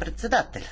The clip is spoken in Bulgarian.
Председателя.